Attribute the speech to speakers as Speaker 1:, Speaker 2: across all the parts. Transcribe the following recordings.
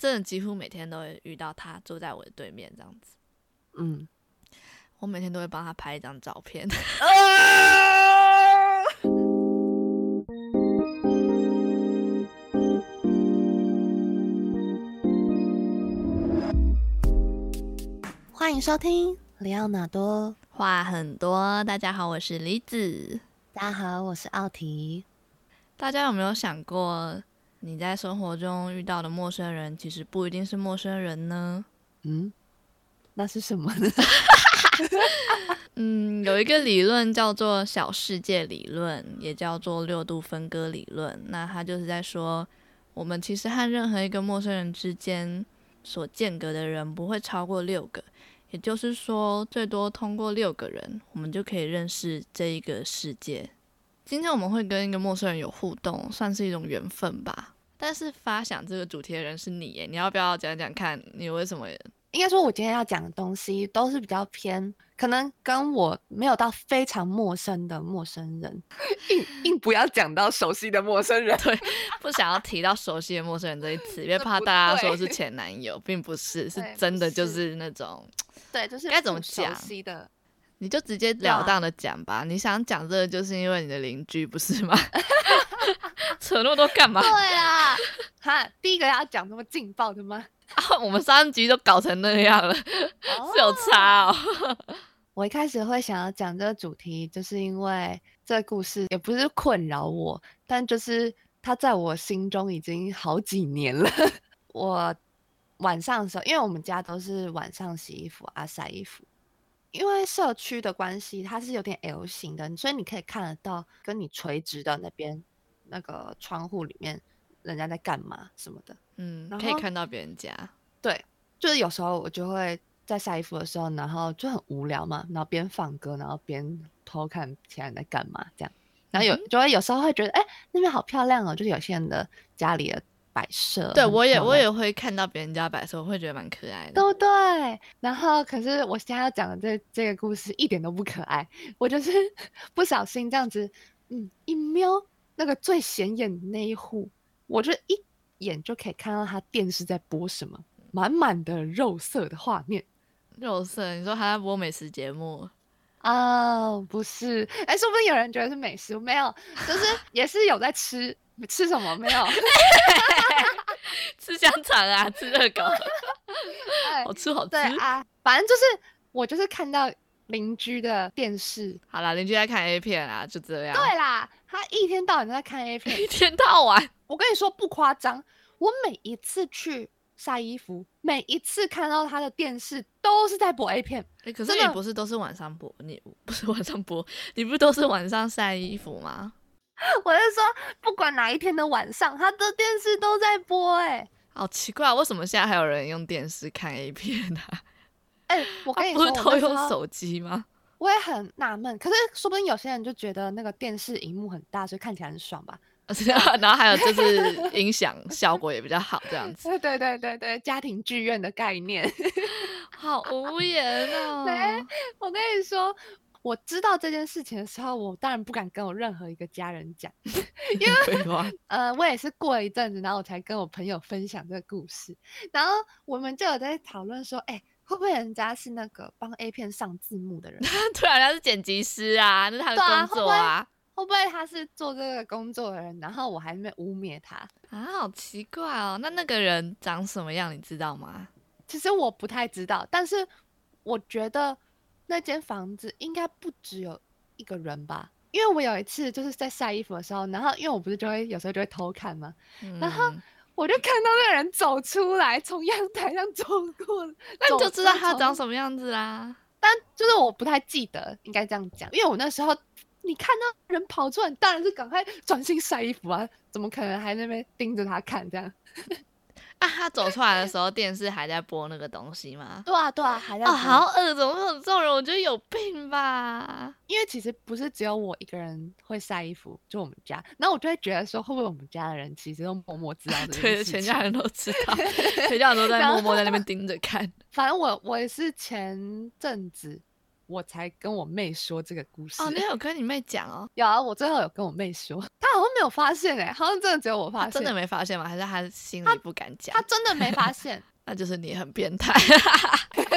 Speaker 1: 真的幾乎每天都會遇到他坐在我的對面這樣子，嗯，我每天都會幫他拍一張照片。 啊、歡迎收聽《里奧納多話很多》，大家好，我是狸子，大家好，我是奧提。大家有沒有想過，你在生活中遇到的陌生人，其實不一定是陌生人呢？嗯，那是什麼呢？ 嗯，有一個理論叫做小世界理論，也叫做六度分割理論。那它就是在說，我們其實和任何一個陌生人之間所間隔的人不會超過六個，也就是說，最多通過六個人，我們就可以認識這一個世界。今天我們會跟一個陌生人有互動，算是一種緣分吧。但是發想這個主題的人是你耶，你要不要講講看你為什麼？應
Speaker 2: 該說，我今天要講的東西都是比較偏，可能跟我沒有到非常陌生的陌生人，
Speaker 1: 硬硬不要講到熟悉的陌生人。對，不想要提到熟悉的陌生人這一次，因為怕大家說是前男友，並不是， 是真的就是那種，
Speaker 2: 對，就是該怎麼講？
Speaker 1: 你就直截了當的講吧，啊，你想講這個就是因為你的鄰居不是嗎？扯那麼多幹嘛？對
Speaker 2: 啊，哈，第一個要講這麼勁爆的
Speaker 1: 嗎？ 啊，我們三集都搞成那樣了，哦，是有差哦。
Speaker 2: 我一開始會想要講這個主題，就是因為這個故事也不是困擾我，但就是它在我心中已經好幾年了。 我晚上的時候，因為我們家都是晚上洗衣服啊曬衣服。因為社區的關係，它是有點 L 型的，所以你可以看得到跟你垂直的那邊那個窗戶裡面人家在幹嘛什麼的，
Speaker 1: 嗯，可以看到別
Speaker 2: 人家。對，就是有時候我就會在晒衣服的時候，然後就很無聊嘛，然後邊放歌，然後邊偷看其他人在幹嘛這樣，然後有、嗯、就會有時候會覺得，哎，那邊好漂亮哦，就是有些人的家裡的。擺設，對，我也我也
Speaker 1: 會看到別人家擺設，我會覺得蠻可愛
Speaker 2: 的，都對。然後，可是我現在要講的這這個故事一點都不可愛，我就是不小心這樣子，嗯，一瞄那個最顯眼的那一戶，我就一眼就可以看到他電視在播什麼，滿滿的肉色的畫面。
Speaker 1: 肉色？你說他在播美食節目
Speaker 2: 啊？哦，不是。欸，
Speaker 1: 說不定有人覺得是美食？沒有，就
Speaker 2: 是也是有在吃。 吃什麼？沒有，
Speaker 1: 欸、吃香腸啊，吃熱狗， 好吃好吃。對啊，反
Speaker 2: 正就是我就是看到鄰居的電視，好啦，鄰居在看 A 片啊，就這樣。對啦，他一天到晚都在看 A 片，一天到晚。我跟你說不誇張，我每一次去曬衣服，每一次看到他的電視都是在播 A 片。欸、可是你不是
Speaker 1: 都是晚上播？你不是晚上播？你不是都是晚上曬衣服嗎？嗯
Speaker 2: 我是說，不管哪一天的晚上，他的電視都在播，欸，哎，
Speaker 1: 好奇怪，為什麼現在還有人用電視看 A 片呢？啊？哎、
Speaker 2: 欸，我跟你說，啊、不是都用手機嗎我？我也很納悶，可是說不定有些人就覺得那個電視熒幕很大，所以看起來很
Speaker 1: 爽吧。啊啊然後還有就是音響效果也比較好，這樣
Speaker 2: 子。 對，對對對對，家庭劇院的概念， 好無言啊、喔欸！我跟你說。我知道這件事情的時候，我當然不敢跟我任何一個家人講，
Speaker 1: 因為
Speaker 2: 呃，我也是過了一陣子，然後我才跟我朋友分享這個故事，然後我們就有在討論說，哎、欸，會不會人家是那個幫 A 片上字幕
Speaker 1: 的人？ 突然他是剪輯師啊，那是他的工作啊，對啊，會不會，
Speaker 2: 會不會他是做這個工作的人？然後我還沒污衊他啊，好奇怪哦。那那個人長什麼樣，你知道嗎？其實我不太知道，但是我覺得。那間房子應該不只有一個人吧？因為我有一次就是在曬衣服的時候，然後因為我不是就會有時候就會偷看嘛、嗯。然後我就看到那個人走出來，從陽台上走過，那你就知道他長什麼樣子啦、啊。但就是我不太記得，應該這樣講，因為我那時候你看到人跑出來，當然是趕快轉
Speaker 1: 身曬衣服啊，怎麼可能還那邊盯着他看這樣？ 那、啊、他走出來的時候，電視還在播那個東西嗎？ 對啊，對啊，還在播。哦，好噁心！怎麼會有這種人，我覺得有
Speaker 2: 病吧。因為其實不是只有我一個人會曬衣服，就我們家。然後我就會覺得說，會不會我們家的人其實都默默知道的？ 全家人都知道，全家人都在默默在那邊
Speaker 1: 盯着看。 反正
Speaker 2: 我，我也是前陣子。我才跟我妹說這個故事哦，你有跟你妹講哦？有啊，我最後有跟我妹說，她 好
Speaker 1: 像沒有發現哎、欸，好像真的只有我發現。真的沒發現嗎？還是她心裡不敢講？她真的沒發現。 那就是你很變態。哈 哈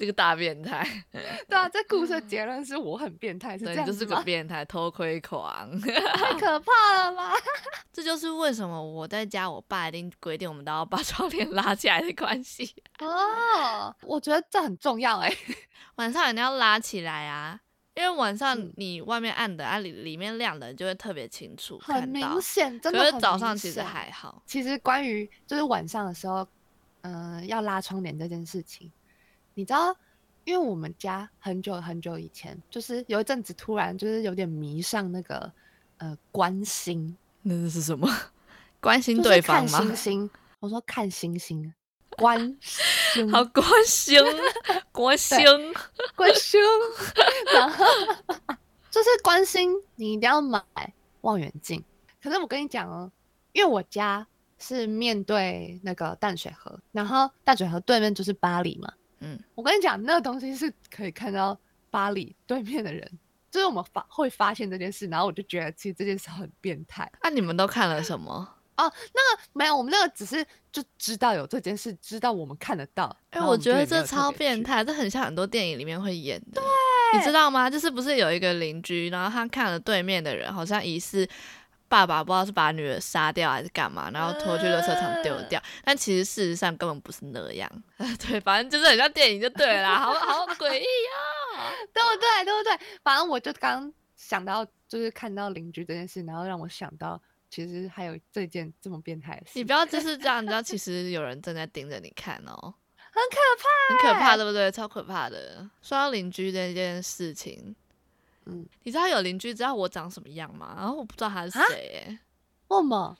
Speaker 1: 這個大變態，對啊，這故事的結論是我很變態，所 以就是個變態偷窺狂， 太可怕了吧？ 這就是為什麼我在家，我爸一定規定我們都要把窗簾拉起來的關係。哦、 oh，我覺得這很重要哎、欸， 晚上一定要拉起來啊，因為晚上你外面暗的，嗯、啊裡裡面亮的就會特別清楚，很明顯，真的很明顯。可是早上其實還好。
Speaker 2: 其實關於就是晚上的時候，嗯、呃，要拉窗簾這件事情。你知道，因為我們家很久很久以前，就是有一陣子突然就是有點迷上那個呃觀星，
Speaker 1: 那是什麼？觀星對方嗎？就是、看星
Speaker 2: 星，我說看星星，觀星，好觀星，觀星， 觀星， 然後就是關心你一定要買望遠鏡。可是我跟你講哦，因為我家是面對那個淡水河，然後淡水河對面就是八里嘛。嗯，我跟你講，那個東西是可以看到巴黎對面的人，就是我們發會發現這件事，然後我就覺得其實這件事很變態。那、啊、你們都看了什麼？哦、啊，那個沒有，我們那個只是就知
Speaker 1: 道有這件事，知道我們看得到。哎、欸，我覺得這超變態，這很像很多電影裡面會演的。對，你知道嗎？就是不是有一個鄰居，然後他看了對面的人，好像疑似。爸爸不知道是把女兒殺掉還是幹嘛，然後拖去垃圾場丟掉、呃。但其實事實上根本不是那樣，對，反正就是很像電影就對啦，好好詭異呀！
Speaker 2: 好 對不對對不對，反正我就剛想到，就是看到鄰居這件事，然後讓我想到，其實還有這件這麼變態的事。你
Speaker 1: 不要只是這樣， 你知道其實有人正在盯着你看哦，很可怕，很可怕，對不對？超可怕的。說到鄰居這件事情。你知道有鄰居知道我長什麼樣嗎？然後我不知道他是誰哎、欸，為什麼？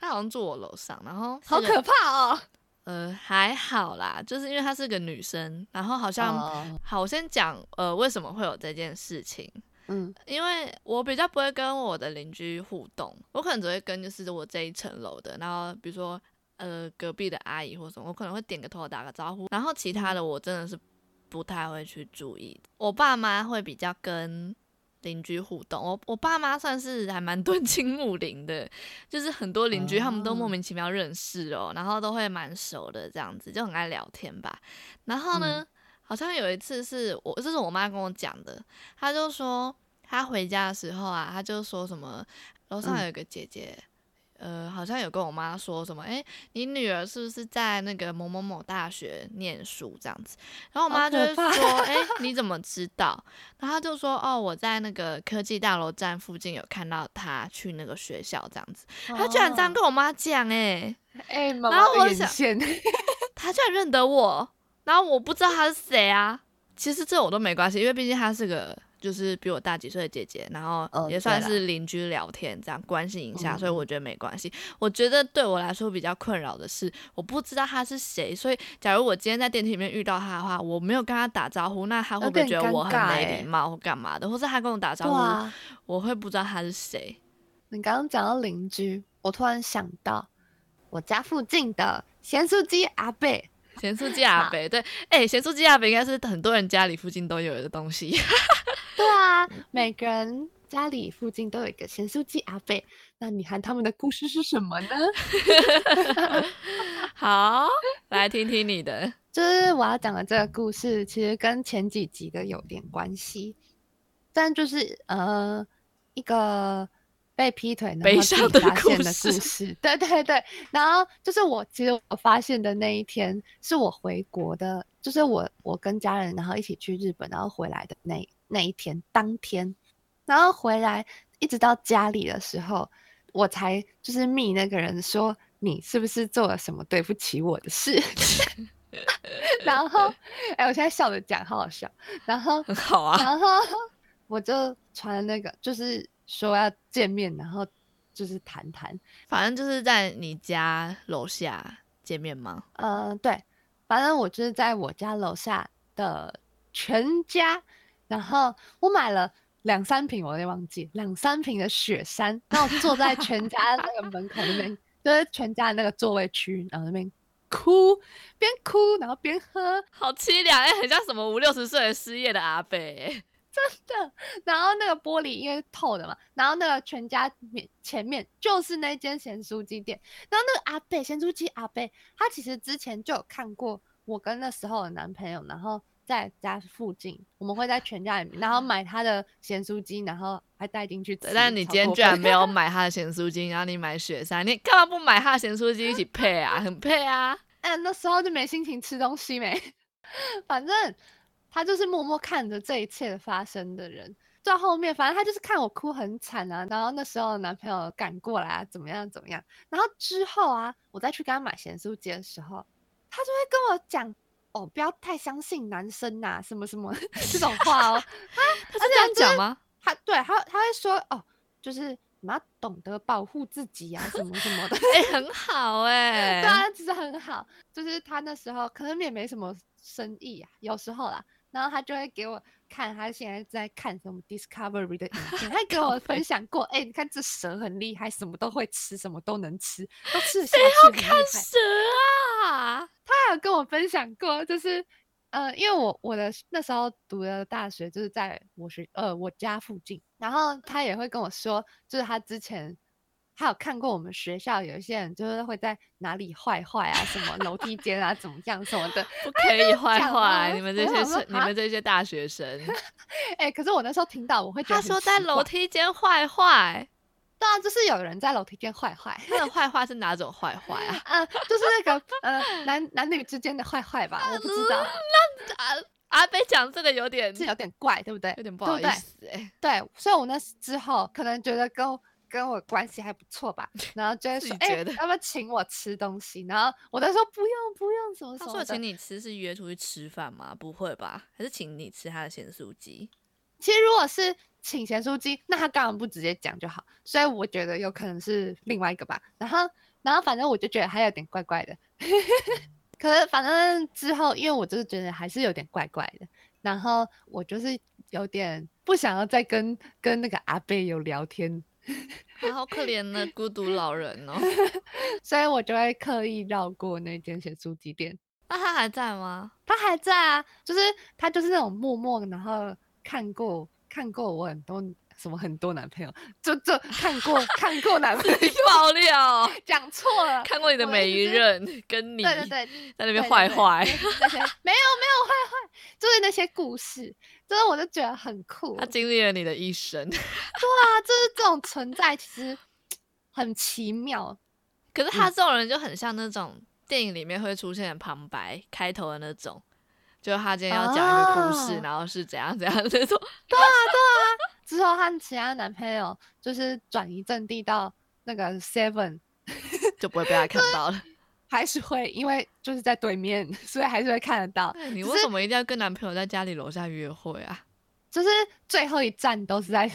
Speaker 1: 他好像住我樓上，然後好可怕哦。呃，還好啦，就是因為他是個女生，然後好像、哦、好。我先講呃，為什麼會有這件事情？嗯，因為我比較不會跟我的鄰居互動，我可能只會跟就是我這一層樓的，然後比如說呃隔壁的阿姨或什麼，我可能會點個頭打個招呼，然後其他的我真的是不太會去注意。我爸媽會比較跟。鄰居互動，我我爸媽算是還蠻敦親睦鄰的，就是很多鄰居他們都莫名其妙認識哦，哦然後都會蠻熟的這樣子，就很愛聊天吧。然後呢，嗯、好像有一次是我，這是我媽跟我講的，她就說她回家的時候啊，她就說什麼，樓上有一個姐姐。嗯呃，好像有跟我媽說什麼，哎、欸，你女兒是不是在那個某某某大學念書這樣子？然後我媽就會說，哎、哦欸，你怎麼知道？然後她就說，哦，我在那個科技大樓站附近有看到她去那個學校這樣子。哦、她居然這樣跟我媽講、欸，哎、欸，哎，然後我想，她居然認得我，然後我不知道她是誰啊。其實這我都沒關係，因為畢竟她是個。就是比我大幾歲的姐姐，然後也算是鄰居聊天這樣、哦、關心一下，所以我覺得沒關係、嗯。我覺得對我來說比較困擾的是，我不知道她是誰，所以假如我今天在電梯裡面遇到她的話，我沒有跟她打招呼，那她會不會覺得我很沒禮貌或幹嘛的？欸、或是她跟我打招呼，啊、我會不知道她是誰。你剛剛講到鄰居，我突然想到我家附近的鹹酥雞阿伯。鹹酥雞阿北，對，哎、欸，鹹酥雞阿北應該是很多人家裡附近都有的東西。
Speaker 2: 對啊，每個人家裡附近都有一個鹹酥雞阿北，那你和他們的故事是什麼呢？
Speaker 1: 好，來聽聽你的。 就
Speaker 2: 是我要講的這個故事，其實跟前幾集的有點關係，但就是呃一個。被劈腿的，悲傷的故事。對對對，然後就是我，其實我發現的那一天是我回國的，就是我我跟家人，然後一起去日本，然後回來的那那一天當天，然後回來一直到家裡的時候，我才就是密那個人說，你是不是做了什麼對不起我的事？ 然後哎、欸，我現在笑着講，好好笑。然後好啊，然後我就傳了那個就是。說要見面，然後就是談談，反正就是在你家樓下見面嗎？呃，對，反正我就是在我家樓下的全家，然後我買了兩三瓶，我也忘記兩三瓶的雪山，然後我就坐在全家的那個門口那邊， 就是全家的那個座位區，然後那邊哭，邊哭然後邊喝，
Speaker 1: 好淒涼，誒、欸，很像什麼五六十歲的失業的阿伯、欸。
Speaker 2: 真的，然後那個玻璃因為是透的嘛，然後那個全家面前面就是那間鹹酥雞店，然後那個阿伯，鹹酥雞阿伯，他其實之前就有看過我跟那時候的男朋友，然後在家附近，我們會在全家裡面，然後買他的鹹酥雞，然後還帶進去吃，但你今天居然沒有
Speaker 1: 買他的鹹酥雞，然後你買雪山，你幹嘛不買他的鹹酥雞一起配啊？很配啊！哎、欸，那時候就沒心情吃東西沒，
Speaker 2: 反正。他就是默默看着這一切的發生的人。到後面，反正他就是看我哭很慘啊，然後那時候男朋友趕過來啊，怎麼樣怎麼樣。然後之後啊，我再去跟他買鹹酥雞的時候，他就會跟我講：“哦，不要太相信男生吶、啊，什麼什麼這種話哦。 啊”他他是這樣講嗎？就是、他對他他會說：“哦，就是你們要懂得保護自己啊什麼什麼的。 ”哎、欸，
Speaker 1: 很好哎、欸， 對啊，啊其實很
Speaker 2: 好。就是他那時候可能也沒什麼生意啊，有時候啦。然後他就會給我看，他現在在看什麼 Discovery 的影片。他跟我分享過，哎、 欸，你看這蛇很厲害，什麼都會吃，什麼都能吃，都吃得下去。誰要看蛇啊？他還有跟我分享過，就是呃，因為我我的那時候讀的大學就是在我學呃我家附近，然後他也會跟我說，就是他之前。還有看過我們學校有一些人就是會在哪裡壞壞啊，什麼樓梯間啊怎麼樣什麼的 不可以壞壞、 哎、你們這些你們這些大學生，哎、 欸，可是我那時候聽到我會覺得，他說在樓梯間壞壞，對啊，就是有人在樓梯間壞壞，他 的壞壞是哪種壞壞啊？嗯、 呃，就是那個呃男男女之間的壞壞吧，我不知道。 那、
Speaker 1: 呃呃呃、阿阿北講這個有點
Speaker 2: 有點怪，對不對？有點不好意思、欸，對，所以我那之後可能覺得跟。跟我關係還不錯吧？然後就是覺得要不要請我吃東西？然後我就說不用不用什麼，什麼他說請你
Speaker 1: 吃是約出去吃飯嗎？不會吧？還是請你吃他的鹹酥雞？
Speaker 2: 其實如果是請鹹酥雞，那他幹嘛不直接講就好。所以我覺得有可能是另外一個吧。然後然後反正我就覺得還有點怪怪的。 可是反正之後，因為我就是覺得還是有點怪怪的。然後我就是有點不想要再跟跟那個阿伯有聊天。
Speaker 1: 好可憐的 孤獨老人哦，
Speaker 2: 所以我就會刻意繞過那間學書局店。
Speaker 1: 那、啊、他還在嗎？他還在啊，
Speaker 2: 就是他就是那種默默，然後看過看過我很多什麼很多男朋友，就就，就看過
Speaker 1: 看過男朋友 你爆料，講 錯了，看過你的每一任跟你對，對對對， 在那邊壞壞，
Speaker 2: 沒有沒有壞壞，就是那些故事。
Speaker 1: 所以我就覺得很酷。他經歷了你的一生。 對啊，就是這
Speaker 2: 種存在
Speaker 1: 其實很奇妙。可是他這種人就很像那種電影裡面會出現旁白、嗯、開頭的那種，就他今天要講一個故事、啊，然後是怎樣怎樣那種。對啊，對啊。
Speaker 2: 之後和其他男朋友就是轉移陣地到那個 Seven，
Speaker 1: 就不會被他看到了。
Speaker 2: 還是會因為就是在對面，所以還是會看得到。你為什
Speaker 1: 麼一定要跟男朋友在家裡樓下約會啊？
Speaker 2: 就是最後一站都是在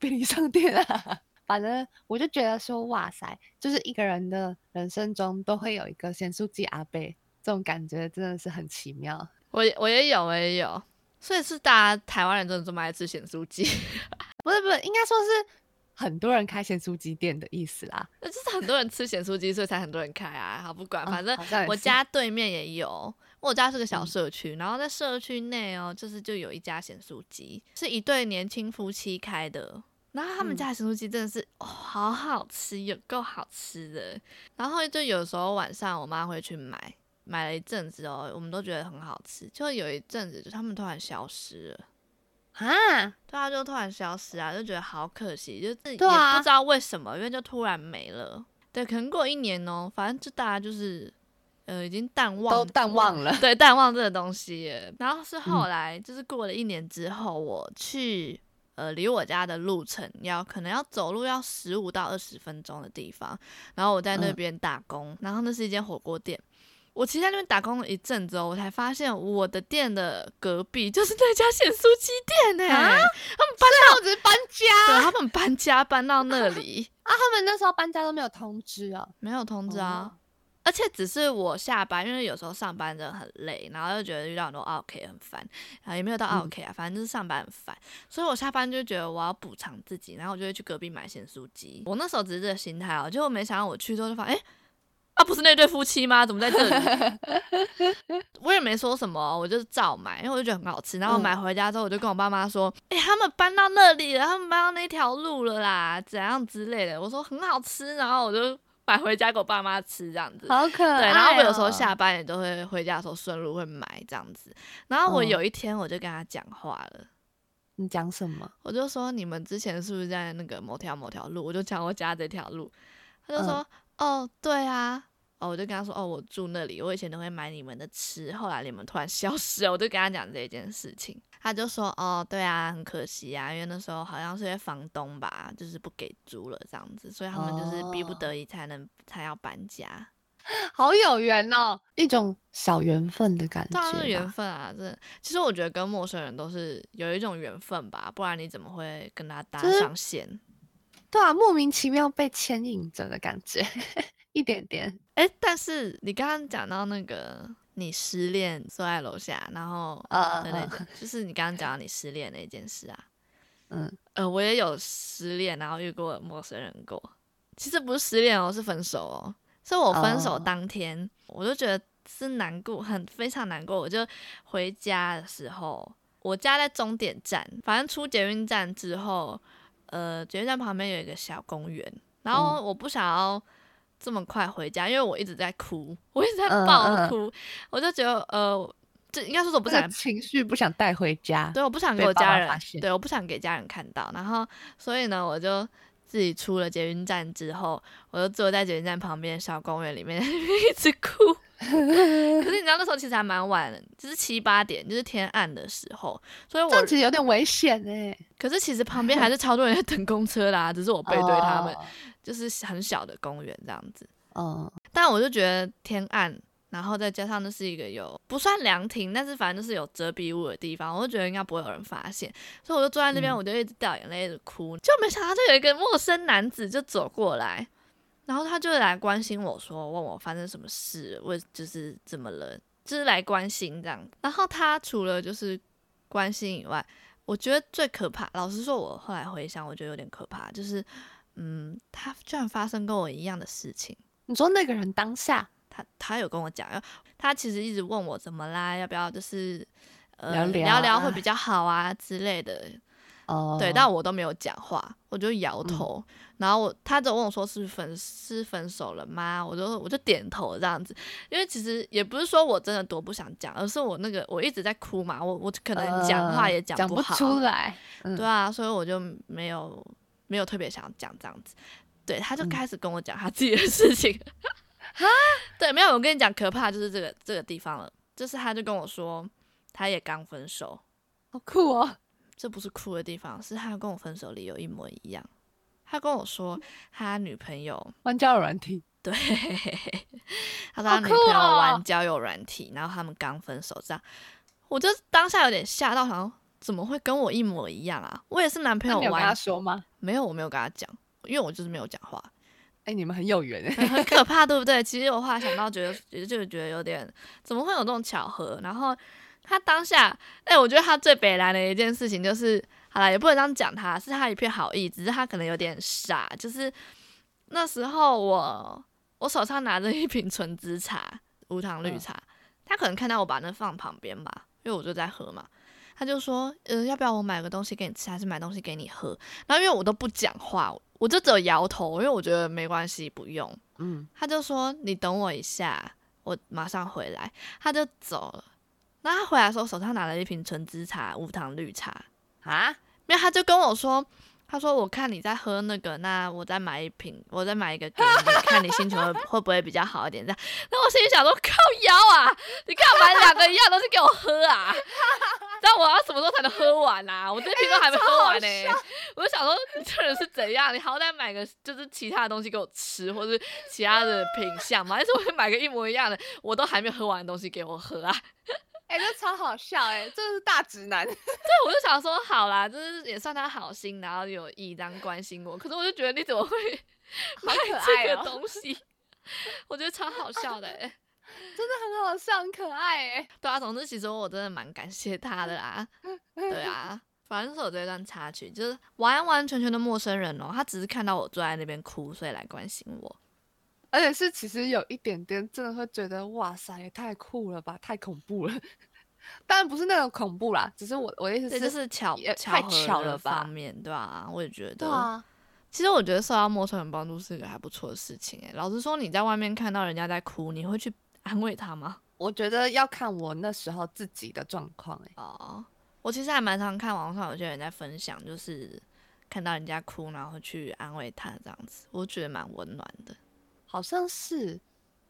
Speaker 2: 便利商店啊。反正我就覺得說，哇塞，就是一個人的人生中都會有一個鹹酥雞阿北，這種感覺真的是很奇妙。
Speaker 1: 我我也有，我也有。所以是大家台灣人真的這麼愛吃鹹酥雞？ 不是不是，應該說是。很多人開鹹酥雞店的意思啦，那、嗯、就是很多人吃鹹酥雞，所以才很多人開啊。好不管，反正我家對面也有，我家是個小社區，嗯，然後在社區內哦，就是就有一家鹹酥雞，是一對年輕夫妻開的、嗯。然後他們家的鹹酥雞真的是、哦、好好吃，有夠好吃的。然後就有時候晚上我媽會去買，買了一陣子哦、喔，我們都覺得很好吃。就有一陣子，就他們突然消失了。啊，對啊，就突然消失啊，就覺得好可惜，就是也不知道為什麼，啊、因為就突然沒了。對，可能過一年哦、喔，反正就大家就是，呃，已經淡忘了，都淡忘了，對，淡忘這個東西。然後是後來、嗯，就是過了一年之後，我去，呃，離我家的路程要可能要走路要十五到二十分鐘的地方，然後我在那邊打工、嗯，然後那是一間火鍋店。我其實在那邊打工了一陣子、哦，我才發現我的店的隔壁就是那家鹹酥雞店、啊、他們搬家、啊，我只是搬家。對、啊，他們搬家搬到那裡啊，啊，他們那時候搬家都沒有通知啊，沒有通知啊、嗯。而且只是我下班，因為有時候上班真的很累，然後又覺得遇到很多奧客很煩啊，然後也沒有到奧客啊，反正就是上班很煩、嗯，所以我下班就覺得我要補償自己，然後我就會去隔壁買鹹酥雞。我那時候只是這個心態哦，結果沒想到我去之後就發現，哎、欸。他、啊、不是那對夫妻嗎？怎麼在這裡？ 我也沒說什麼，我就是照買，因為我就覺得很好吃。然後買回家之後，我就跟我爸媽說：“哎、嗯欸，他們搬到那裡了，他們搬到那條路了啦，怎樣之類的。”我說很好吃，然後我就買回家給我爸媽吃這樣子。好可愛。然後我有時候下班也都會回家的時候順路會買這樣子。
Speaker 2: 然後我有一
Speaker 1: 天我就跟他講話了，嗯、你講什麼？我就說你們之前是不是在那個某條某條路？我就講我家這條路，他就說：“嗯、哦，對啊。”哦，我就跟他說，哦，我住那裡，我以前都會買你們的吃，後來你們突然消失了，我就跟他講這件事情，他就說，哦，對啊，很可惜啊，因為那時候好像是些房東吧，就是不給租了這樣子，所以他們就是逼不得已才能，哦、才要搬家，
Speaker 2: 好有緣哦，一種小緣分的感覺，緣，
Speaker 1: 就是，分啊，這其實我覺得跟陌生人都是有一種緣分吧，不然你怎麼會跟他搭上線？就
Speaker 2: 是，對啊，莫名其妙被牽引着的感覺。 一
Speaker 1: 點點，哎、欸，但是你剛剛講到那個你失戀坐在樓下，然後 uh, uh, uh. 就是你剛剛講到你失戀那件事啊，嗯、uh.，呃，我也有失戀，然後遇過陌生人過，其實不是失戀哦，是分手哦，是我分手當天、uh. 我就覺得是難過，很非常難過，我就回家的時候，我家在終點站，反正出捷運站之後，呃，捷運站旁邊有一個小公園，然後我不想要。這麼快回家，因為我一直在哭，我一直在爆哭，嗯嗯，我就覺得呃，這應該說是我不想情
Speaker 2: 緒不想帶回家，對，我不想給我家人，對，我
Speaker 1: 不想給家人看到，然後所以呢，我就。自己出了捷運站之後，我就坐在捷運站旁邊小公園裡面， 一直哭。 可是你知道那時候其實還蠻晚的，就是七八點，就是天暗的時候。所以我這其實有點危險哎、欸。可是其實旁邊還是超多人在等公車啦、啊，只是我背對他們，哦、就是很小的公園這樣子、哦。但我就覺得天暗。然後再加上那是一個有不算涼亭，但是反正就是有遮蔽物的地方，我就覺得應該不會有人發現，所以我就坐在那邊、嗯，我就一直掉眼淚，一直哭，就沒想到就有一個陌生男子就走過來，然後他就來關心我說，問我發生什麼事，我就是怎麼了，就是來關心這樣。然後他除了就是關心以外，我覺得最可怕，老實說，我後來回想，我覺得有點可怕，就是嗯，他居然發生跟我一樣的事情。你說那個人當下？他他有跟我講，他其實一直問我怎麼啦，要不要就是呃聊聊，聊聊會比較好啊之類的。哦、啊，
Speaker 2: 對，但我都
Speaker 1: 沒有講話，我就搖頭、嗯。然後我他就問我說是，是分是分手了嗎？我就我就點頭這樣子，因為其實也不是說我真的多不想講，而是我那個我一直在哭嘛，我我可能講話也講不好、呃、講不出來、嗯。對啊，所以我就沒有沒有特別想講這樣子。對，他就開始跟我講他自己的事情。嗯啊，對，沒有，我跟你講，可怕就是這個這個地方了，就是他就跟我說，他也剛分手，好酷哦、啊。這不是酷的地方，是他跟我分手理由一模一樣。他跟我說，他女朋友玩交友軟體，對， 他說他女朋友玩交友軟體、哦，然後他們剛分手，這樣，我就當下有點嚇到，想怎麼會跟我一模一樣啊？我也是男朋友玩，跟他說嗎？沒有，我沒有跟他講，因為我就是沒有講話。哎、欸，你們很有緣哎、欸，很可怕，對不對？其實我後來想到，覺得 就覺得有點，怎麼會有這種巧合？然後他當下，哎、欸，我覺得他最北爛的一件事情就是，好啦，也不能這樣講，他是他一片好意，只是他可能有點傻。就是那時候我，我我手上拿着一瓶純喫茶，無糖綠茶、哦，他可能看到我把那放旁邊吧，因為我就在喝嘛。他就說，呃，要不要我買個東西給你吃，還是買東西給你喝？然後因為我都不講話，我就只有搖頭，因為我覺得沒關係，不用。嗯，他就說，你等我一下，我馬上回來。他就走了。那他回來的時候，手上拿了一瓶純喫茶，無糖綠茶。啊？沒有，他就跟我說，他說我看你在喝那個，那我再買一瓶，我再買一個給你， 看你心情會， 會不會比較好一點，這樣。那那我心裡想說，靠腰啊，你幹嘛兩個一樣都是給我喝啊？ 我要什麼時候才能喝完啊？我這瓶都還沒喝完呢、欸欸，我就想說你這人是怎樣？你好歹買個就是其他的東西給我吃，或者是其他的品項嘛，但、啊、是我會買個一模一樣的我都還沒喝完的東西給我喝啊？哎、欸，這超好笑哎、欸，這是大直男。 對我就想說好啦，就是也算他好心，然後有意這樣關心我。可是我就覺得你怎麼會買這個好可愛的東西？我覺得超好笑的哎、欸。啊真的很好笑，很可愛哎。對啊，總之其實我真的蠻感謝他的啦。對啊，反正是有這一段插曲，就是完完全全的陌生人哦，他只是看到我坐在那邊哭，所以來關心我。
Speaker 2: 而且是其實有一點點真的會覺得哇塞，也太酷了吧，太恐怖了。 當然不是那種恐怖啦，只是我我意思是也，這、就是
Speaker 1: 巧巧，也太巧了吧方面對吧、啊？我也覺得、啊。其實我覺得受到陌生人幫助是一個還不錯的事情誒、欸。老實說，你在外面看到人家在哭，你會去。安慰他嗎？我覺得要看我那時候自己的狀況、欸、哦，我其實還蠻常看網上有些人在分享，就是看到人家哭，然後去安慰他這樣子，我覺得蠻溫暖的。
Speaker 2: 好像是，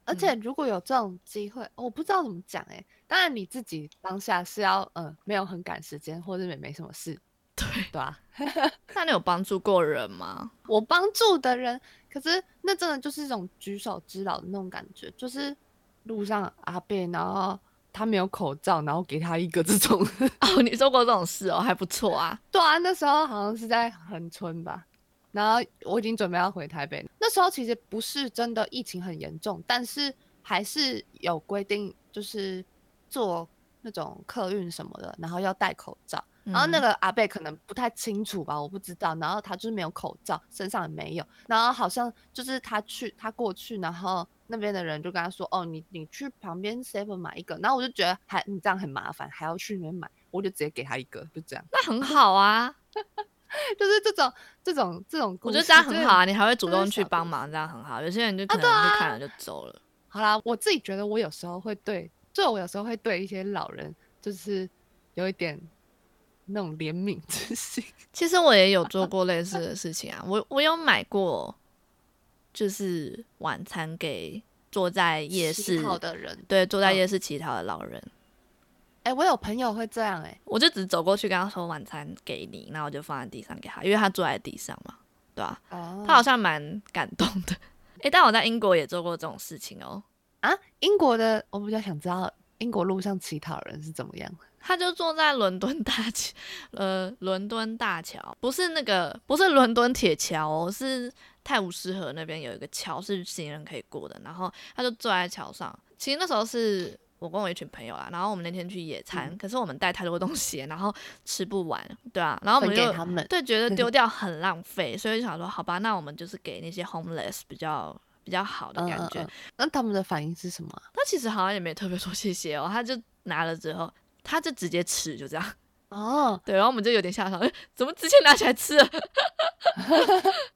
Speaker 2: 而且如果有這種機會、嗯，我不知道怎麼講誒、欸，當然你自己當下是要嗯、呃，沒有很趕時間，或者也沒什麼事，
Speaker 1: 對對吧、啊？ 那你有幫助過人嗎？
Speaker 2: 我幫助的人，可是那真的就是一種舉手之勞的那種感覺，就是。路上阿伯，然後他沒有口罩，然後給他一個這種。 哦，你做過這種事哦，還不錯啊。對啊，那時候好像是在恆春吧，然後我已經準備要回台北了。那時候其實不是真的疫情很嚴重，但是還是有規定，就是坐那種客運什麼的，然後要戴口罩。嗯、然後那個阿伯可能不太清楚吧，我不知道。然後他就是沒有口罩，身上也沒有。然後好像就是他去，他過去，然後。那邊的人就跟他說：“哦，你你去旁邊 seven 買一個。”然後我就覺得還你、嗯、這樣很麻煩，還要去那邊買，我就直接給他一個，就這樣。那很好啊， 就是這種這種這種，我覺得這樣很好啊，你
Speaker 1: 還會主動去幫忙這，這樣很好。有些人就可能就看了就走了
Speaker 2: 啊啊。好啦，我自己覺得我有時候會
Speaker 1: 對，就我有時候會對一些老人就是有一點那
Speaker 2: 種憐憫之心。
Speaker 1: 其實我也有做過類似的事情啊， 我我有買過。就是晚餐給坐在夜市的人，對，坐在夜市乞討的老人。哎、哦欸，我有朋友會這樣、欸，哎，我就只走過去跟他說，晚餐給你，那我就放在地上給他，因為他坐在地上嘛，對吧、啊？哦，他好像蠻感動的。哎、 欸，但我在英國也做過這種事情哦。
Speaker 2: 啊，英國的，我比
Speaker 1: 較想知道英國路上乞討的人是怎麼樣。他就坐在倫敦大橋，呃，倫敦大橋不是那個，不是倫敦鐵橋哦，是泰晤士河那邊有一個橋是行人可以過的。然後他就坐在橋上。其實那時候是我跟我一群朋友啊，然後我們那天去野餐，嗯，可是我們帶太多東西，然後吃不完，對啊，然後我們就對，給他們，就覺得丟掉很浪費， 所以就想說，好吧，那我們就是給那些 homeless 比較比較好的感覺。
Speaker 2: 嗯嗯嗯。那他們的反應是什麼？
Speaker 1: 他其實好像也沒特別說謝謝哦，他就拿了之後。他就直接吃，就這樣哦。Oh. 對，然後我們就有點嚇到、欸，怎麼直接拿起來吃？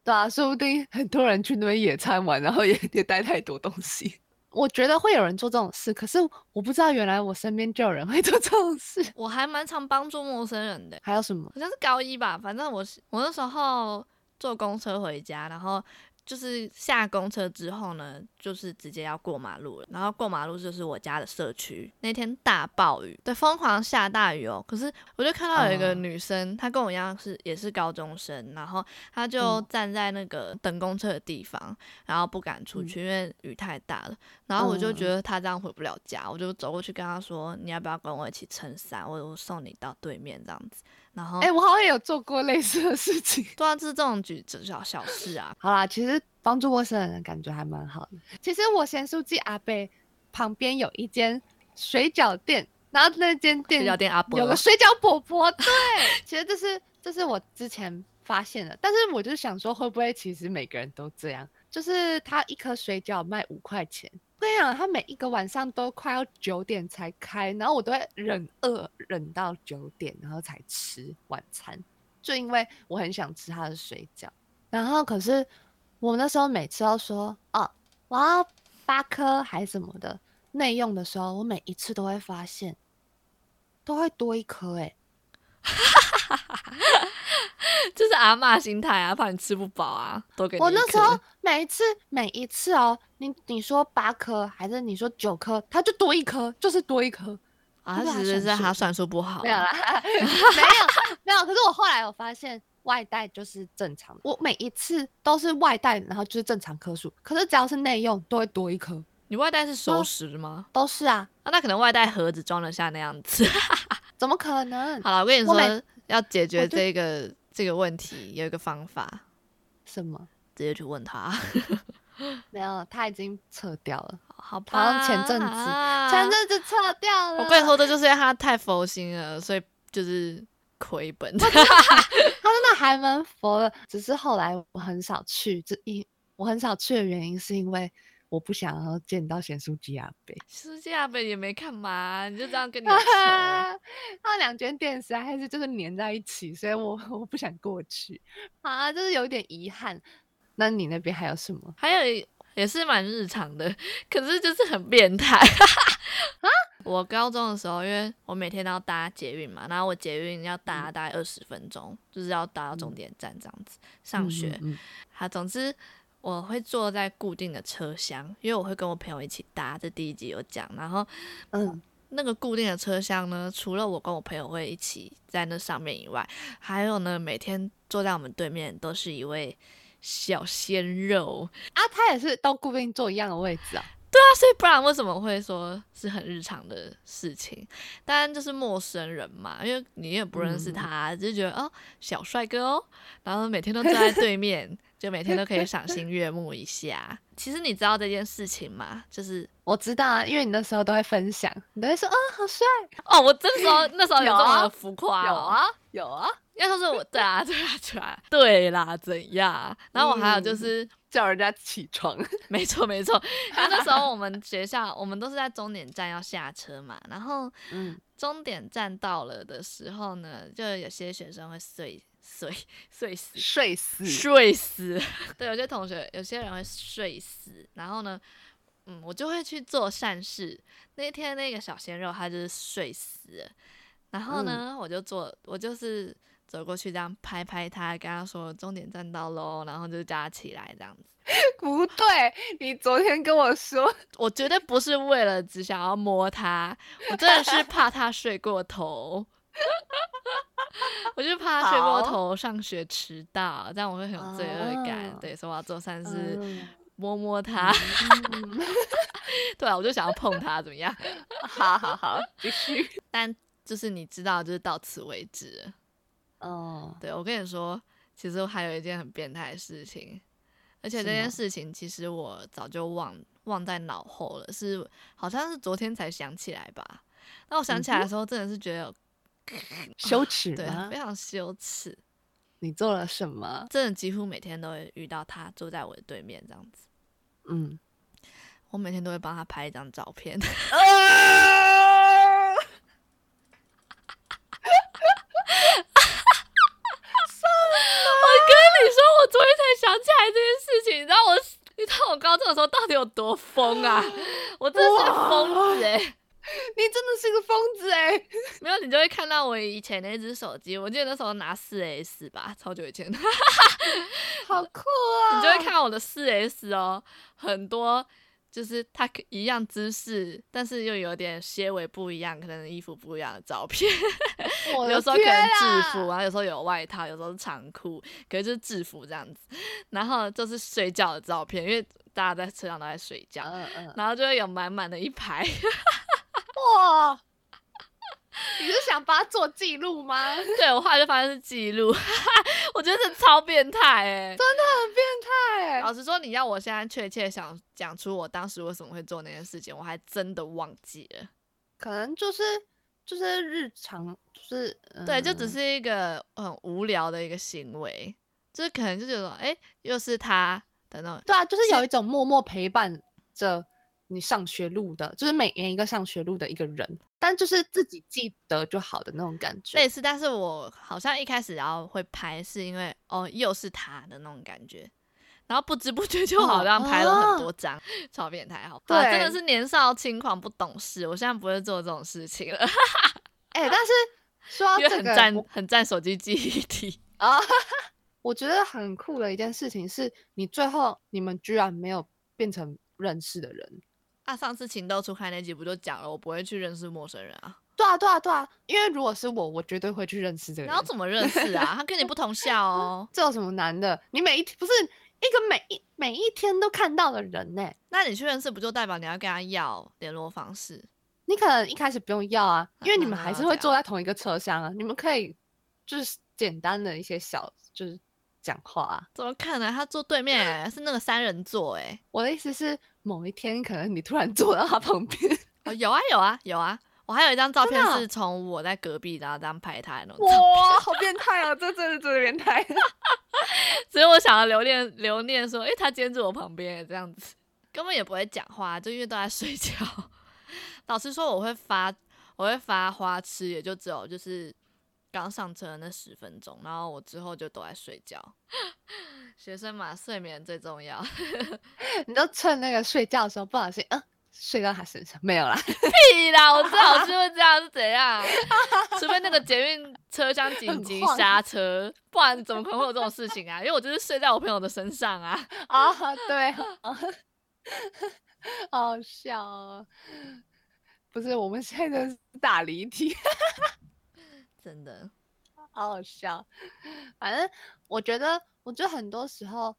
Speaker 1: 對 啊， 說不定很
Speaker 2: 多人去那邊野餐玩，然後也也帶太多東西。 我覺得會有人做這種事，可是我不知道原來我身邊就有人會做這種
Speaker 1: 事。我還蠻常幫助陌生人的。還有什麼？好像是高一吧，反正我我那時候坐公車回家，然後。就是下公車之後呢，就是直接要過馬路了。然後過馬路就是我家的社區。那天大暴雨，對，瘋狂下大雨哦。可是我就看到有一個女生，uh, 她跟我一樣是也是高中生，然後她就站在那個等公車的地方、嗯，然後不敢出去、嗯，因為雨太大了。然後我就覺得她這樣回不了家，嗯、我就走過去跟她說：“你要不要跟我一起撐傘？我我送你到對面這樣子。”然後，哎、欸，我好像也有做過類似的事情，當然這是這種舉止小小事啊。 好啦，其
Speaker 2: 實幫助陌生的人感覺還蠻好的。其實我鹹酥雞阿伯旁邊有一間水餃店，然後那間店有個水餃婆婆。對， 其實這是這是我之前發現的，但是我就想說，會不會其實每個人都這樣？就是他一顆水餃賣五塊錢，對呀，他每一個晚上都快要九點才開，然後我都會忍餓忍到九點，然後才吃晚餐，就因為我很想吃他的水餃。然後可是我那時候每次都說啊，我要八顆還什麼的，內用的時候，我每一次都會發現，都會多一顆、欸，誒。哈哈哈哈哈哈。
Speaker 1: 就是阿媽心態啊，怕你吃不飽啊，多給你一顆。我那時候
Speaker 2: 每一次每一次哦、喔，你你說八顆還是你說九顆，它就多
Speaker 1: 一顆，就是多一顆。啊，只是是，他算數不好、啊。沒有啦，
Speaker 2: 沒有沒有。可是我後來我發現外帶就是正常的， 我每一次都是外帶，然後就是正常顆數。可是只要是內用，都會多一顆。你外帶是熟食嗎？啊、都是啊，
Speaker 1: 啊，那可能外帶盒子裝得下那樣子。 怎麼可能？好了，我跟你說。要解決這個、啊、這個問題，有一個方法，什麼？直接去問他。
Speaker 2: 沒有，他已經
Speaker 1: 撤掉了。好，好像前陣子，前陣
Speaker 2: 子撤掉了。我背後的就是因為他
Speaker 1: 太佛心了，所以就是虧本 他。他真的還蠻佛的，只是後來我很少去，這因
Speaker 2: 我很少去的原因是因為。我不想要見到鹹酥雞阿北，鹹
Speaker 1: 酥雞阿北，也沒看嘛，你就這樣跟你說、
Speaker 2: 啊。 他兩卷電視還是就是粘在一起，所以我，我我不想過去。啊，就是有一點遺憾。那你那邊
Speaker 1: 還有什麼？還有也是蠻日常的，可是就是很變態。啊！ 我高中的時候，因為我每天都要搭捷運嘛，然後我捷運要搭大概二十分鐘、嗯，就是要搭到終點站這樣子上學嗯嗯嗯。好，總之。我會坐在固定的車廂，因為我會跟我朋友一起搭，這第一集有講。然後，嗯，那個固定的車廂呢，除了我跟我朋友會一起在那上面以外，還有呢，每天坐在我們對面都是一位小鮮肉啊，他也是都固定坐一樣的位置啊、哦。對啊，所以不然為什麼會說是很日常的事情？當然就是陌生人嘛，因為你也不認識他，嗯、就覺得哦，小帥哥哦，然後每天都坐在對面。 就每天都可以賞心悅目一下。 其實你知道這件事情嗎？就是我知道啊，因為你那時候都會
Speaker 2: 分享，你都會說，啊、哦，好帥哦！
Speaker 1: 我真的說，那時候有這麼浮誇？有啊，有啊。有啊，因為他說我對啊，對啊，對啊，對啊，對啦，對啦，對啦怎樣、嗯？然後我還有就是叫人家起床。沒錯，沒錯。 因為那時候我們學校，我們都是在終點站要下車嘛。然後，嗯、終點站到了的時候呢，就有些學生會睡。睡睡死，睡死，睡死。對，有些同學，有些人會睡死。然後呢，嗯，我就會去做善事。那天那個小鮮肉，他就是睡死，然後呢，嗯，我就做，我就是走過去這樣拍拍他，跟他說終點站到嘍，然後就叫他起來這樣子。不對，你昨天跟我說，我絕對不是為了只想要摸他，我真的是怕他睡過頭。 我就怕睡過頭，上學遲到，這樣我會很有罪惡感。Oh. 對，所以我要做善事，摸摸他。Uh. 對啊，我就想要碰他，怎麼樣？ 好好好， 但就是你知道，就是到此為止。哦、oh.，對，我跟你說，其實我還有一件很變態的事情，
Speaker 2: 而且這件事
Speaker 1: 情其實我早就忘忘在腦後了，是好像是昨天才想起來吧？那我想起來的時候，真的是覺得。呃、羞恥嗎？哦對，非常羞恥。
Speaker 2: 你做
Speaker 1: 了什麼？真的幾乎每天都會遇到他坐在我的對面這樣子。嗯，我每天都會幫他拍一張照片。啊、 我跟你說，我昨天才想起來這件事情。你知道我，你知道我高中的時候到底有多瘋啊！我真是瘋子哎。你真的是個瘋子哎、欸！沒有，你就會看到我以前那支手機，我記得那時候拿 4S 吧，超久以前的， 好酷啊！你就會看到我的 4S 哦，很多就是它一樣姿勢，但是又有點些微不一樣，可能衣服不一樣的照片。 我的啊、有時候可能制服、啊，然後有時候有外套，有時候是長褲，可是就是制服這樣子。然後就是睡覺的照片，因為大家在車上都在睡覺，呃呃然後就會有滿滿的一排。 哇， 你是想把它做記錄嗎？ 對，我後來就發現是記錄， 我覺得是超變態哎、欸，真的很變態哎、欸。老實說，你要我現在確切想講出我當時為什麼會做那件事情，我還真的忘記了。可能就是就是日常，就是、嗯、對，就只是一個很無聊的一個行為，就是可能就覺得哎，又是他的那種，對啊，就是有一種默默陪伴着。你上學路的，就是每年一個上
Speaker 2: 學路的一個人，但就是自己記得就好的那種感覺。
Speaker 1: 類似，但是我好像一開始然後會拍，是因為哦又是他的那種感覺，然後不知不覺就好像拍了很多張，超變態，哦、好,好，對、啊，真的是年少輕狂不懂事。我現在不會做這種事情了，哎、 欸，但是、啊、說到這個、很占很占手機
Speaker 2: 記憶體啊。哦、 我覺得很酷的一件事情是，你最後你們居然沒有變成認識的人。
Speaker 1: 那、啊、上次情竇初開那集不就講了，我不會去認識陌生人啊。
Speaker 2: 對啊，對啊，對啊，因為如果是我，我絕對會去認識這個人。你
Speaker 1: 要怎麼認識啊？
Speaker 2: 他跟你不同校哦，這 有、嗯、什麼難的？你每一不是一個每一每一天都看到的人呢、欸？
Speaker 1: 那你去認識不就代表你要跟他要聯絡方式？
Speaker 2: 你可能一開始不用要啊，因為你們還是會坐在同一個車廂、啊，啊。你們可以就是簡單的一些小就是講話。啊。
Speaker 1: 怎麼看呢、啊？他坐對面、欸、對是那個
Speaker 2: 三人座誒、欸。我的意思是。某一天，可能你突然坐到他旁邊。
Speaker 1: 哦，有啊有啊有啊，我還有一張照片是從我在隔壁，然後這樣拍他的那種。哇，好變態啊， 這就是這的變態。 所以我想要留念留念，留念說，誒、欸，他竟然坐我旁邊這樣子，根本也不會講話，就因為都在睡覺。 老實說，我會發我會發花痴，也就只有就是。剛上車的那十分鐘，然後我之後就都在睡覺。 學生嘛，睡眠最重要。
Speaker 2: 你都趁那個睡覺的時候，不小心呃睡到他身上沒有啦？
Speaker 1: 屁啦！我最好是問這樣 是怎樣？ 除非那個捷運車廂緊急剎車，不然怎麼可能會有這種事情啊？ 因為我就是睡在我朋友的身上啊！啊、 oh,，對，oh. 好
Speaker 2: 好笑、哦。 不是，我們現在是打離題。真的，好好笑。反正我覺得，我覺得很多時候，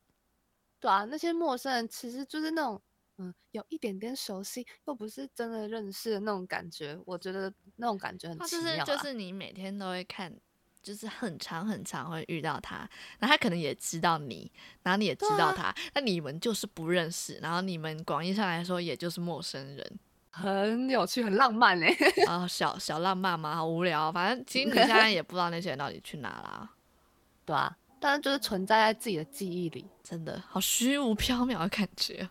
Speaker 2: 對啊，那些陌生人其實就是那種，嗯，有一點點熟悉，又不是真的認識的那種
Speaker 1: 感覺。我覺得那種感覺很奇妙啊。就是就是你每天都會看，就是很長很長會遇到他，然後他可能也知道你，然後你也知道他，啊，那你們就是不認識，然後你們廣義上來說也就是陌生人。很有趣，很浪漫嘞、欸。啊、 哦，小小浪漫嗎？好無聊、哦，反正其實你現在也不知道那些人到底去哪了， 對吧、啊？
Speaker 2: 但是就是存在在自己的記憶裡，真的好虛無縹緲的感覺，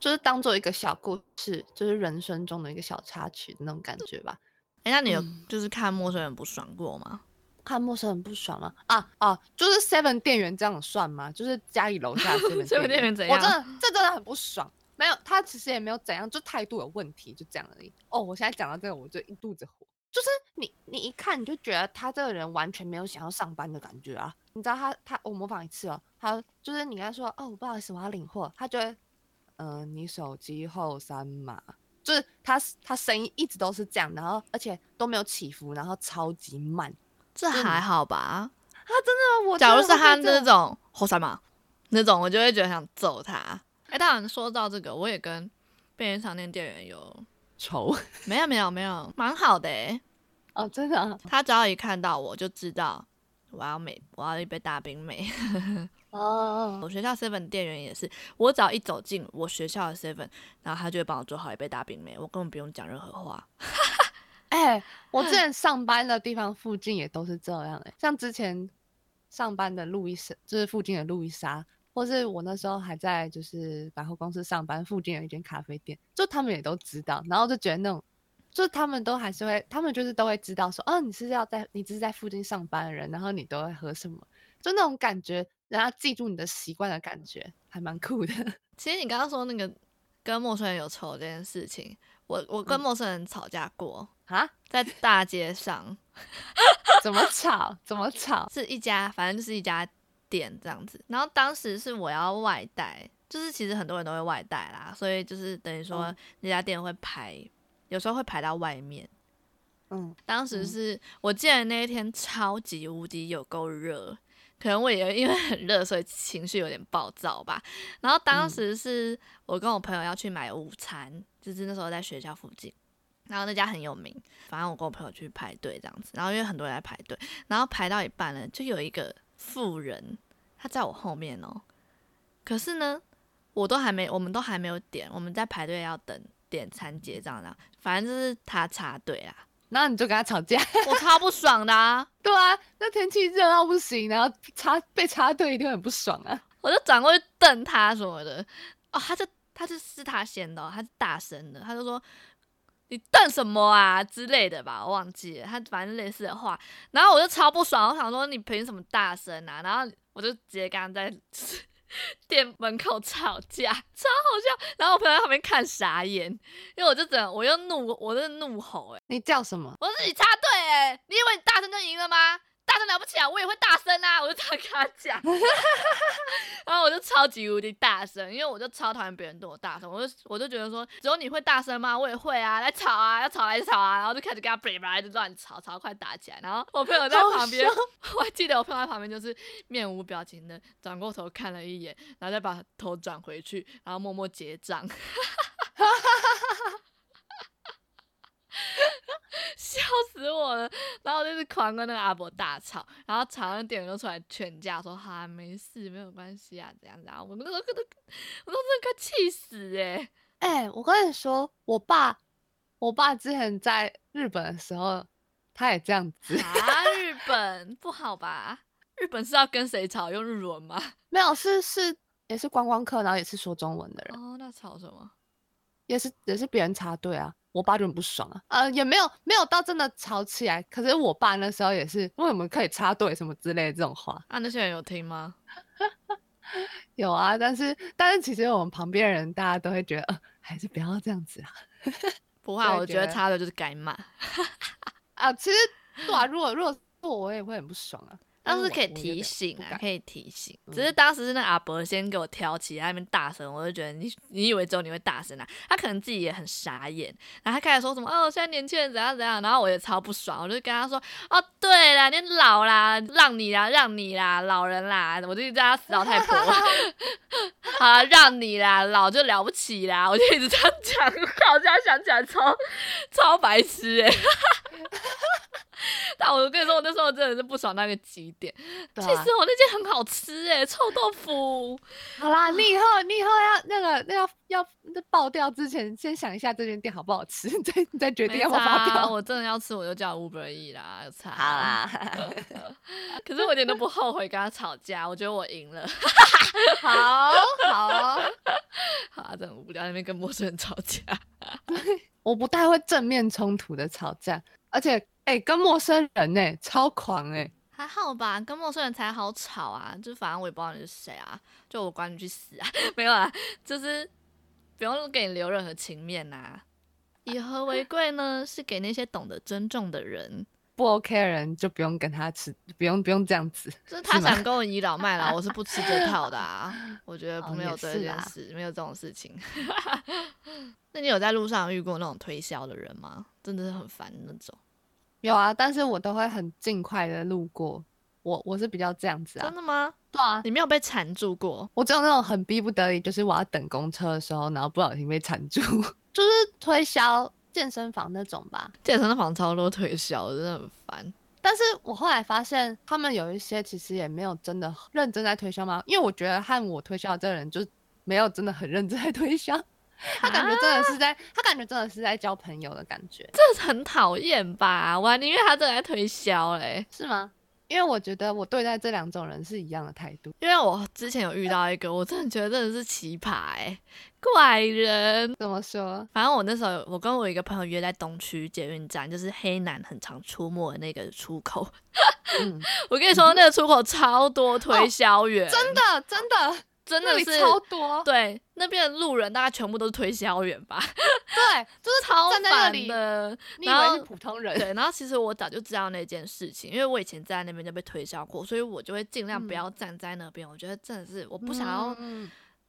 Speaker 2: 就是當做一個小故事，就是人生中的一個小插曲那種感覺吧。哎、嗯，那你有就是看陌生人不爽過嗎？看陌生人不爽嗎？啊啊，就是 Seven 店員這樣算嗎？就是家裡樓下 Seven 店員怎樣？我真的 這真的很不爽。沒有，他其實也沒有怎樣，就態度有問題，就這樣而已。哦，我現在講到這個，我就一肚子火。就是你，你一看你就覺得他這個人完全沒有想要上班的感覺啊。你知道他，他我模仿一次哦，他就是你剛才說哦，不好意思，我要領貨，他覺得嗯，你手機後三碼，就是他他聲音一
Speaker 1: 直都是這樣，然後而且都沒有起伏，然後超級慢，這還好吧？他、嗯啊、真的我，假如是他這種後三碼那種，我就，那種我就會覺得想揍他。誒、欸，當然說到這個，我也跟便利商店店員有仇， 沒有沒有沒有，蠻好的、欸，哦、oh,，真的，他只要一看到我就知道我要美，我要一杯大冰美。哦、 oh.，我學校 seven 店員也是，我只要一走進我學校的 seven，然後他就會幫我做好一杯大冰美，我根本不用講任何話。
Speaker 2: 誒、 欸，我之前上班的地方附近也都是這樣、欸，誒，像之前上班的路易斯，就是附近的路易莎。或是我那時候還在就是百貨公司上班，附近有一間咖啡店，就他們也都知道，然後就覺得那種，就他們都還是會，他們就是都會知道說，哦、啊，你是要在你只是在附近上班的人，然後你都會喝什麼，就那種感覺，讓他記住你的習慣的感覺，還蠻酷的。
Speaker 1: 其實你剛剛說那個跟陌生人有仇這件事情，我我跟陌生人吵架過啊、嗯，在大街上， 怎麼吵？怎麼吵？是一家，反正就是一家。店這樣子，然後當時是我要外帶，就是其實很多人都會外帶啦，所以就是等於說、嗯、那家店會排，有時候會排到外面。嗯，當時是、嗯、我記得那一天超級無敵有夠熱，可能我也因為很熱，所以情緒有點暴躁吧。然後當時是、嗯、我跟我朋友要去買午餐，就是那時候在學校附近，然後那家很有名，反正我跟我朋友去排隊這樣子，然後因為很多人在排隊，然後排到一半呢，就有一個。婦人，他在我後面哦。可是呢，我都還沒，我們都還沒有點，我們在排隊要等點餐結賬這樣。反正就是他插隊啊，那你就跟他吵架， 我超不爽的。啊。對啊，那天氣熱到不行、啊，然後插被插隊一定很不爽啊。我就轉過去瞪他什麼的。哦，他就他就是他先的、哦，他是大聲的，他就說。你瞪什麼啊，之類的吧，我忘記了，他反正類似的話，然後我就超不爽，我想說，你憑什麼大聲啊？然後我就直接跟他在店門口吵架，超好笑，然後我朋友在旁邊看傻眼，因為我就整，我又怒，我就怒吼誒、欸，你叫什麼？我說你插隊哎，你以為你大聲就贏了嗎？大聲了不起啊！我也會大聲啊！我就這樣跟他講， 然後我就超級無敵大聲，因為我就超討厭別人對我大聲，我就我就覺得說，只有你會大聲嗎？我也會啊，來吵啊，要吵來吵啊，然後就開始跟他叭叭就亂吵吵，吵到快打起來！然後我朋友在旁邊，我還記得我朋友在旁邊就是面無表情的轉過頭看了一眼，然後再把頭轉回去，然後默默結賬，。 笑死我了！然後就是狂跟那個阿伯大吵，然後吵完店員就出來勸架，說哈沒事，沒有關係啊，這樣子，啊？然後我那個時候我都我都真的快氣死誒、欸。誒、
Speaker 2: 欸，我跟你說，我爸我爸之前在日本的時候，他也這樣子
Speaker 1: 啊。日本 不好吧？日本是要跟誰吵，用日文嗎？
Speaker 2: 沒有，是是也是觀光客，然後也是說中文的人。哦，
Speaker 1: 那吵什麼？
Speaker 2: 也是也是別人插隊啊。我爸就很不爽啊，呃，也沒有沒有到真的吵起來。可是我爸那時候也是為什麼可以插隊什麼之類的這種話
Speaker 1: 啊？那些人有聽嗎？
Speaker 2: 有啊，但是但是其實我們旁邊的人大家都會覺得，呃、還是不要這樣子啊。
Speaker 1: 不怕好， 我覺得插隊就是該罵。 啊，其實對啊，如果如果做我也會很不爽啊。當時可以提醒啊，嗯、可以提醒，可以提醒嗯。只是當時是那阿伯先給我挑起，他那邊大聲，我就覺得你你以為只有你會大聲啊？他可能自己也很傻眼。然後他開始說什麼哦，現在年輕人怎樣怎樣，然後我也超不爽，我就跟他說哦，對啦，你老啦，讓你啦，讓你啦，老人啦，我就叫他死老太婆。 好啦，讓你啦，老就了不起啦，我就一直這樣講。我現在想起來超超白痴哈、欸 但我跟你說，我那時候真的是不爽那個極點、啊。其實我那間很好吃哎、欸，臭豆腐。好啦，你以後你以後
Speaker 2: 要那個那個、要要爆掉之前，先想一下這間店好不好吃，再再決定要不要發掉。Ça, 我
Speaker 1: 真的要吃，我就叫 Uber E 啦。好啦， 可是我一點都不後悔跟他吵架，我覺得我贏了。好 好好，真無聊， 那邊跟陌生人吵架。
Speaker 2: 我不太會正面衝突的吵架。而且，哎、欸，跟陌生人呢、欸，超狂哎、
Speaker 1: 欸！還好吧，跟陌生人才好吵啊！就反正我也不知道你是誰啊，就我管你去死啊！ 沒有啊，就是不用給你留任何情面吶、啊。以和為貴呢、啊，是給那些懂得尊重的人。
Speaker 2: 不 OK 的人就不用跟他吃，不用不用這樣
Speaker 1: 子。就是他想跟我倚老賣老，我是不吃這套的啊！ 我覺得沒有這件事，沒有這種事情。 那你有在路上遇過那種推銷的人嗎？真的是很煩那種。
Speaker 2: 有啊，但是我都會很盡快的路過。我我是比較這樣子啊。真
Speaker 1: 的嗎？對啊，你沒有被纏住過？
Speaker 2: 我只有那種很逼不得已，就是我要等公車的時候，然後不小心被纏住，就是推銷健身房那種
Speaker 1: 吧。健身房超多推銷，真的很煩。
Speaker 2: 但是我後來發現，他們有一些其實也沒有真的認真在推銷嗎？因為我覺得和我推銷的這個人，就沒有真的
Speaker 1: 很認真在推銷。
Speaker 2: 他感，啊、他感覺真的是在，他感覺真的是在交朋友的感覺，這
Speaker 1: 是很討厭吧？哇，你因為他真的在推銷嘞，是嗎？因為我覺得我對待這兩種人是一樣的態度。因為我之前有遇到一個，我真的覺得真的是奇葩哎、欸，怪人。怎麼說？反正我那時候，我跟我一個朋友約在東區捷運站，就是黑男很常出沒的那個出口。 嗯、我跟你說、嗯，那個出口超多推銷員、哦，真的，真的。真的是超多，對那邊的路人，大概全部都是推銷員吧。 對，就是超站在那裡的，你以為是普通人。對，然後其實我早就知道那件事情，因為我以前站在那邊就被推銷過，所以我就會盡量不要站在那邊、嗯。我覺得真的是，我不想要，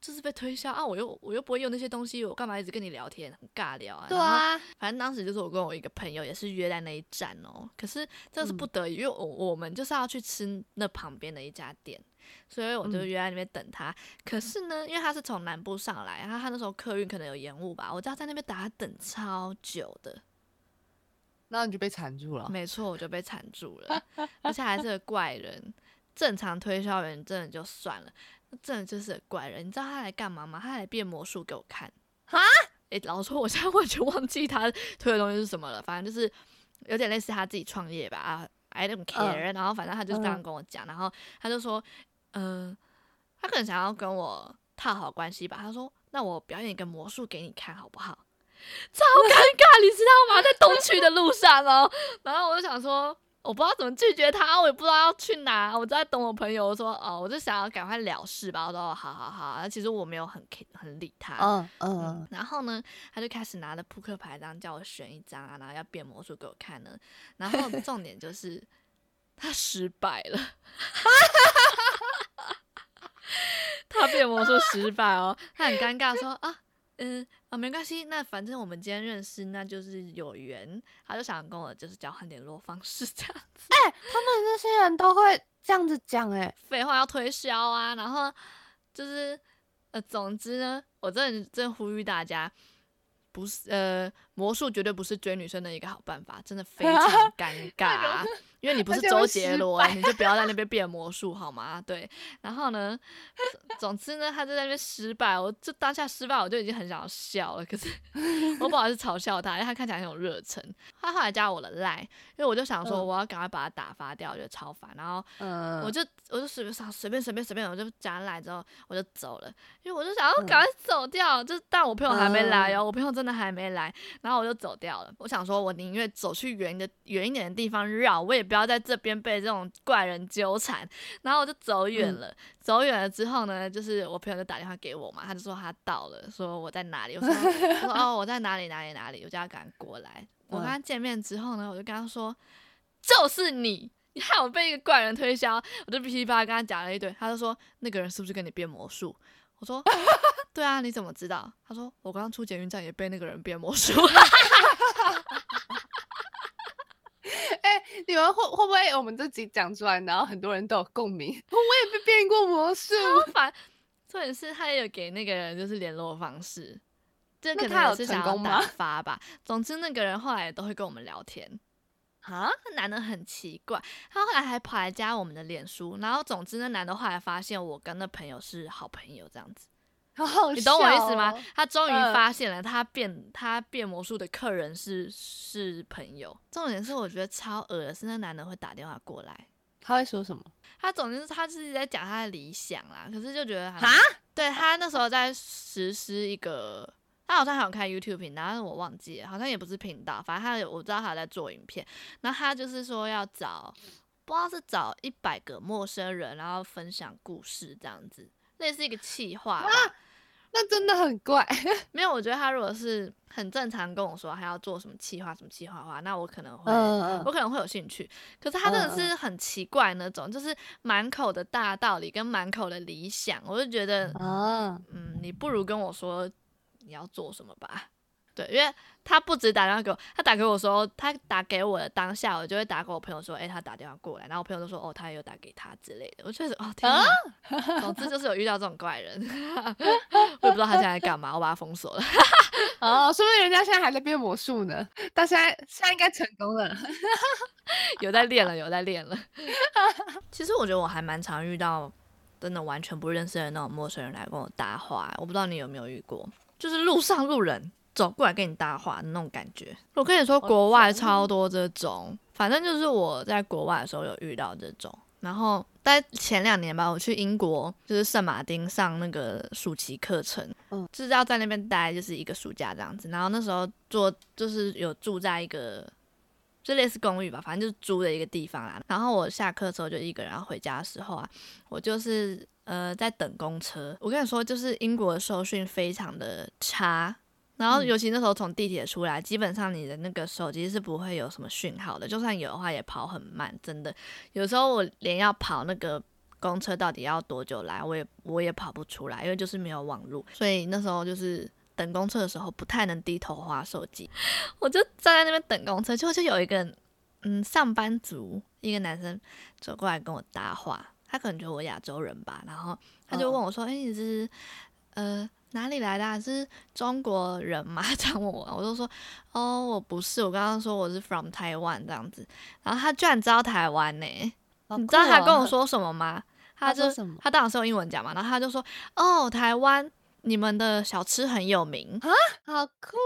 Speaker 1: 就是被推銷、嗯、啊！我又我又不會用那些東西，我幹嘛一直跟你聊天，很尬聊啊。對啊，反正當時就是我跟我一個朋友也是約在那一站哦、喔，可是這是不得已，嗯、因為我我們就是要去吃那旁邊的一家店。所以我就約在那邊等他、嗯，可是呢，因為他是從南部上來，然後他那時候客運可能有延誤吧，我就要在那邊等他等超久的。那你就被纏住了。沒錯，我就被纏住了， 而且還是個怪人。正常推銷員真的就算了，真的就是個怪人。你知道他來幹嘛嗎？他來變魔術給我看。哈誒、欸，老實說，我現在完全忘記他推的東西是什麼了。反正就是有點類似他自己創業吧啊，I don't care，嗯、然後反正他就這樣跟我講、嗯，然後他就說。嗯，他可能想要跟我套好關係吧。他說：“那我表演一個魔術給你看好不好？”超尷尬， 你知道嗎？在東區的路上哦。 然後我就想說，我不知道怎麼拒絕他，我也不知道要去哪。我就在等我朋友說，說哦，我就想要趕快了事吧。我說：“哦，好好好。”其實我沒有很很理他。嗯、oh, oh, oh. 嗯。然後呢，他就開始拿了撲克牌這樣叫我選一張啊，然後要變魔術給我看呢。然後重點就是。 他失敗了，啊， 他變魔術失敗哦，他很尷尬說啊，嗯啊沒關係，那反正我們今天認識，那就是有緣。他就想跟我就是交換聯絡方式這樣子，欸。哎，他們那些人都會這樣子講哎，欸，廢話要推銷啊，然後就是呃，總之呢，我真的真的呼籲大家，不是呃，魔術絕對不是追女生的一個好辦法，真的非常尷尬。啊那個因為你不是周杰倫，就你就不要在那邊變魔術 好嗎？對，然後呢，總之呢，他在那邊失敗，我就當下失敗，我就已經很想要笑了。可是我不好意思嘲笑他，因為他看起來很有熱忱。他後來加我的賴，因為我就想說我要趕快把他打發掉，嗯、我覺得超煩。然後我就我就隨便隨便隨便隨便，我就，隨便隨便隨便我就加賴之後我就走了，因為我就想要趕快走掉、嗯。就但我朋友還沒來哦，我朋友真的還沒來，然後我就走掉了。我想說我寧願走去遠的遠一點的地方繞，我也被不要在這邊被這種怪人糾纏，然後我就走遠了。嗯、走遠了之後呢，就是我朋友就打電話給我嘛，他就說他到了，說我在哪裡，我說， 我說哦，我在哪裡哪裡哪裡，我叫他趕緊過來。嗯、我跟他見面之後呢，我就跟他說就是你，你害我被一個怪人推銷，我就噼里啪啦跟他講了一堆。他就說那個人是不是跟你變魔術？我說 對啊，你怎麼知道？他說我剛剛出捷運站也被那個人變魔術。 你們會會不會我們這集講出來，然後很多人都有共鳴？我也被變過魔術。好煩，重點是他也有給那個人就是聯絡方式，
Speaker 2: 那他有成功嗎？打發
Speaker 1: 吧，總之那個人後來都會跟我們聊天。啊，那男的很奇怪，他後來還跑來加我們的臉書，然後總之那男的後來發現我跟那朋友是好朋友這樣子。好好笑哦，你懂我意思嗎？他終於發現了，他變、呃、他變魔術的客人是是朋友。重點是，我覺得超惡的是那男的會打電話過來。他會說什麼？他總之是他自己在講他的理想啦，可是就覺得哈，啊，對，他那時候在實施一個，他好像還有開 YouTube 頻道，我忘記了，好像也不是頻道，反正他有我知道他在做影片。然後他就是說要找，不知道是找一百個陌生人，然後分享故事這樣子，類似一個企劃吧。啊那真的很怪， 沒有，我覺得他如果是很正常跟我說他要做什麼企劃什麼企劃的話，那我可能會、呃，我可能會有興趣。可是他真的是很奇怪那種，呃、就是滿口的大道理跟滿口的理想，我就覺得、呃、嗯，你不如跟我說你要做什麼吧。對，因為他不止打電話給我，他打給我說，他打給我的當下，我就會打給我朋友說，誒、欸，他打電話過來，然後我朋友都說，哦，他也有打給他之類的。我確實，哦天哪、啊，總之就是有遇到這種怪人， 我也不知道他現在在幹嘛，我把他封鎖了。 哦，說不定人家現在還在變魔術呢，但現在，現在應該成功了， 有在練了，有在練了。 其實我覺得我還蠻常遇到，真的完全不認識的那種陌生人來跟我搭話，我不知道你有沒有遇過，就是路上路人，走過來跟你搭話的那種感覺，我跟你說，國外超多這種，反正就是我在國外的時候有遇到這種。然後在前兩年吧，我去英國，就是聖馬丁上那個暑期課程，嗯，就是要在那邊待就是一個暑假這樣子。然後那時候住就是有住在一個就類似公寓吧，反正就是租的一個地方啦。然後我下課之後就一個人要回家的時候啊，我就是呃在等公車。我跟你說，就是英國的收訊非常的差。然後，尤其那時候從地鐵出來、嗯，基本上你的那個手機是不會有什麼訊號的，就算有的話也跑很慢，真的。有時候我連要跑那個公車到底要多久來，我也我也跑不出來，因為就是沒有網路。所以那時候就是等公車的時候，不太能低頭划手機。我就站在那邊等公車，就就有一個嗯上班族，一個男生走過來跟我搭話，他可能覺得我亞洲人吧，然後他就問我說：“哎、嗯欸，你是呃？”哪裡來的啊？是中國人嗎？這樣問我，我就說，哦，我不是，我剛剛說我是 from Taiwan 這樣子。然後他居然知道台灣呢、欸？哦？你知道他跟我說什麼嗎？他就他，他當時用英文講嘛，然後他就說，哦，台灣，你們的小吃很有名啊，好酷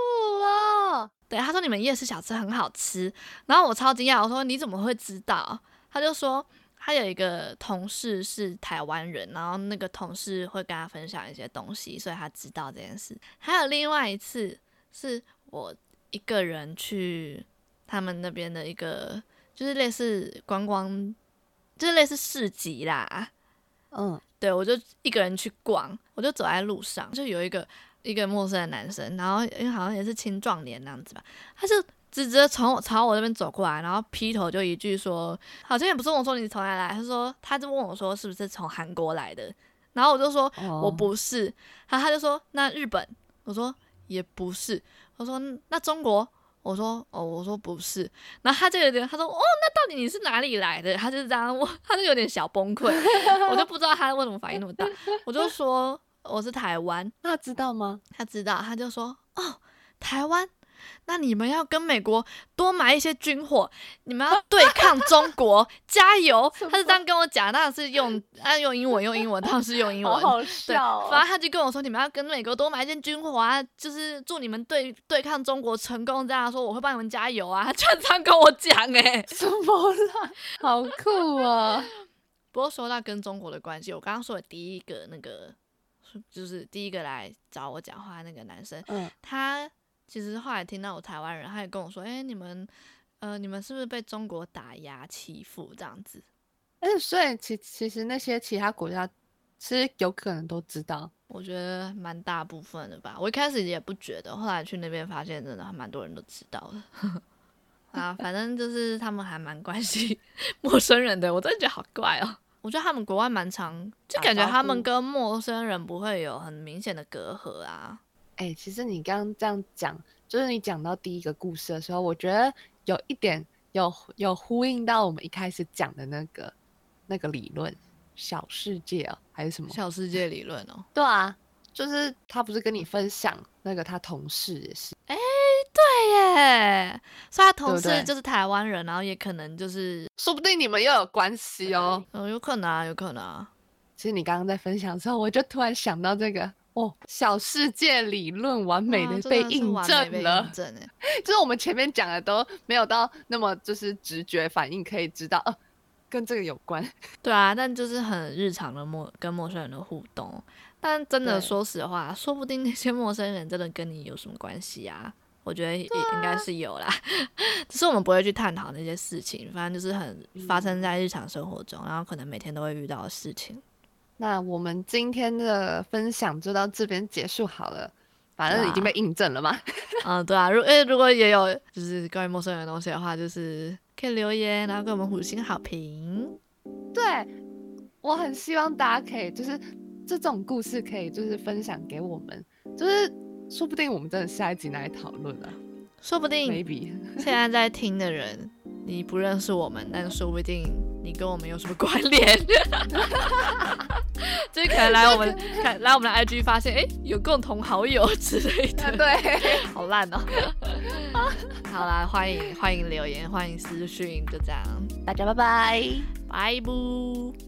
Speaker 1: 哦。對，他說你們夜市小吃很好吃。然後我超驚訝，我說你怎麼會知道？他就說。他有一個同事是台灣人，然後那個同事會跟他分享一些東西，所以他知道這件事。還有另外一次是我一個人去他們那邊的一個，就是類似觀光，就是類似市集啦。嗯，Oh，對，我就一個人去逛，我就走在路上，就有一個一個陌生的男生，然後因為好像也是青壯年那樣子吧，他就。直接從朝我這邊走過來，然後劈頭就一句說：“好像也不是我說你從哪來，來。”他說：“他就問我說是不是從韓國來的？”然後我就說：“哦，我不是。”他他就說：“那日本？”我說：“也不是。”他說：“那中國？”我說：“哦，我說不是。”然後他就有點他說：“哦，那到底你是哪裡來的？”他就這樣問我，他就有點小崩潰， 我就不知道他為什麼反應那麼大。 我就說：“我是台灣。”那他知道嗎？他知道，他就說：“哦，台灣。”那你們要跟美國多買一些軍火，你們要對抗中國， 加油！他是這樣跟我講，當然是用啊用英文用英文，當時用英文 好好笑。哦，對，反正他就跟我說，你們要跟美國多買一些軍火啊，就是祝你們對對抗中國成功。這樣說，我會幫你們加油啊！他就這樣跟我講，誒，什麼啦好酷啊？ 不過說到跟中國的關係，我剛剛說的第一個那個，就是第一個來找我講話的那個男生，嗯，他。其實後來聽到有台灣人，他也跟我說：“誒、欸，你們，呃，你們是不是被中國打壓欺負這樣子？”
Speaker 2: 哎、欸，所以其其實那些其他國家其實有可能都知道，
Speaker 1: 我覺得蠻大部分的吧。我一開始也不覺得，後來去那邊發現真的還蠻多人都知道的。 啊，反正就是他們還蠻關心 陌生人的，我真的覺得好怪哦。我覺得他們國外蠻常，就感覺他們跟陌生人不會有很明顯的隔閡啊。
Speaker 2: 哎、欸，其實你剛剛這樣講，就是你講到第一個故事的時候，我覺得有一點有有呼應到我們一開始講的那個那個理論，小世界哦、喔，還是什麼小世界理論哦？對啊，就是他不是跟你分享那個他同事也是？哎、欸，對耶，
Speaker 1: 所以他同事就是台灣人，然後也可能就是，說不定你們又有關係哦、喔。嗯、欸，有可能啊，有可能
Speaker 2: 啊。其實你剛剛在分享的時候，我就突然想到這個。哦、oh，小世界理論完美的被印證了，真的是完美被認證。 就是我們前面講的都沒有到那麼就是直覺反應可以知道，啊、跟這個有關。
Speaker 1: 對啊，但就是很日常的陌跟陌生人的互動，但真的說實話，說不定那些陌生人真的跟你有什麼關係啊？我覺得也應該是有啦，啊、 只是我們不會去探討那些事情，反正就是很發生在日常生活中，嗯、然後可能每天都會遇到的事情。
Speaker 2: 那我們今天的分享就到這邊結束好
Speaker 1: 了，反正已經被印證了嘛。嗯、啊啊，對啊，如因為如果也有就是關於陌生人的東西的話，就是可以留言，嗯、然後給我們五星好評。
Speaker 2: 對，我很希望大家可以就是這種故事可以就是分享給我們，
Speaker 1: 就是說不定我們真的下一集來討論了、啊，說不定。Maybe，現在在聽的人你不認識我們，但說不定。你跟我們有什麼關聯？哈哈哈哈哈！就是可能來我們 來我們的 IG 發現，哎、欸，有共同好友之類的，啊、對，好爛哦、喔。 好啦，歡迎歡迎留言，歡迎私訊，就這樣，大家拜拜，拜拜。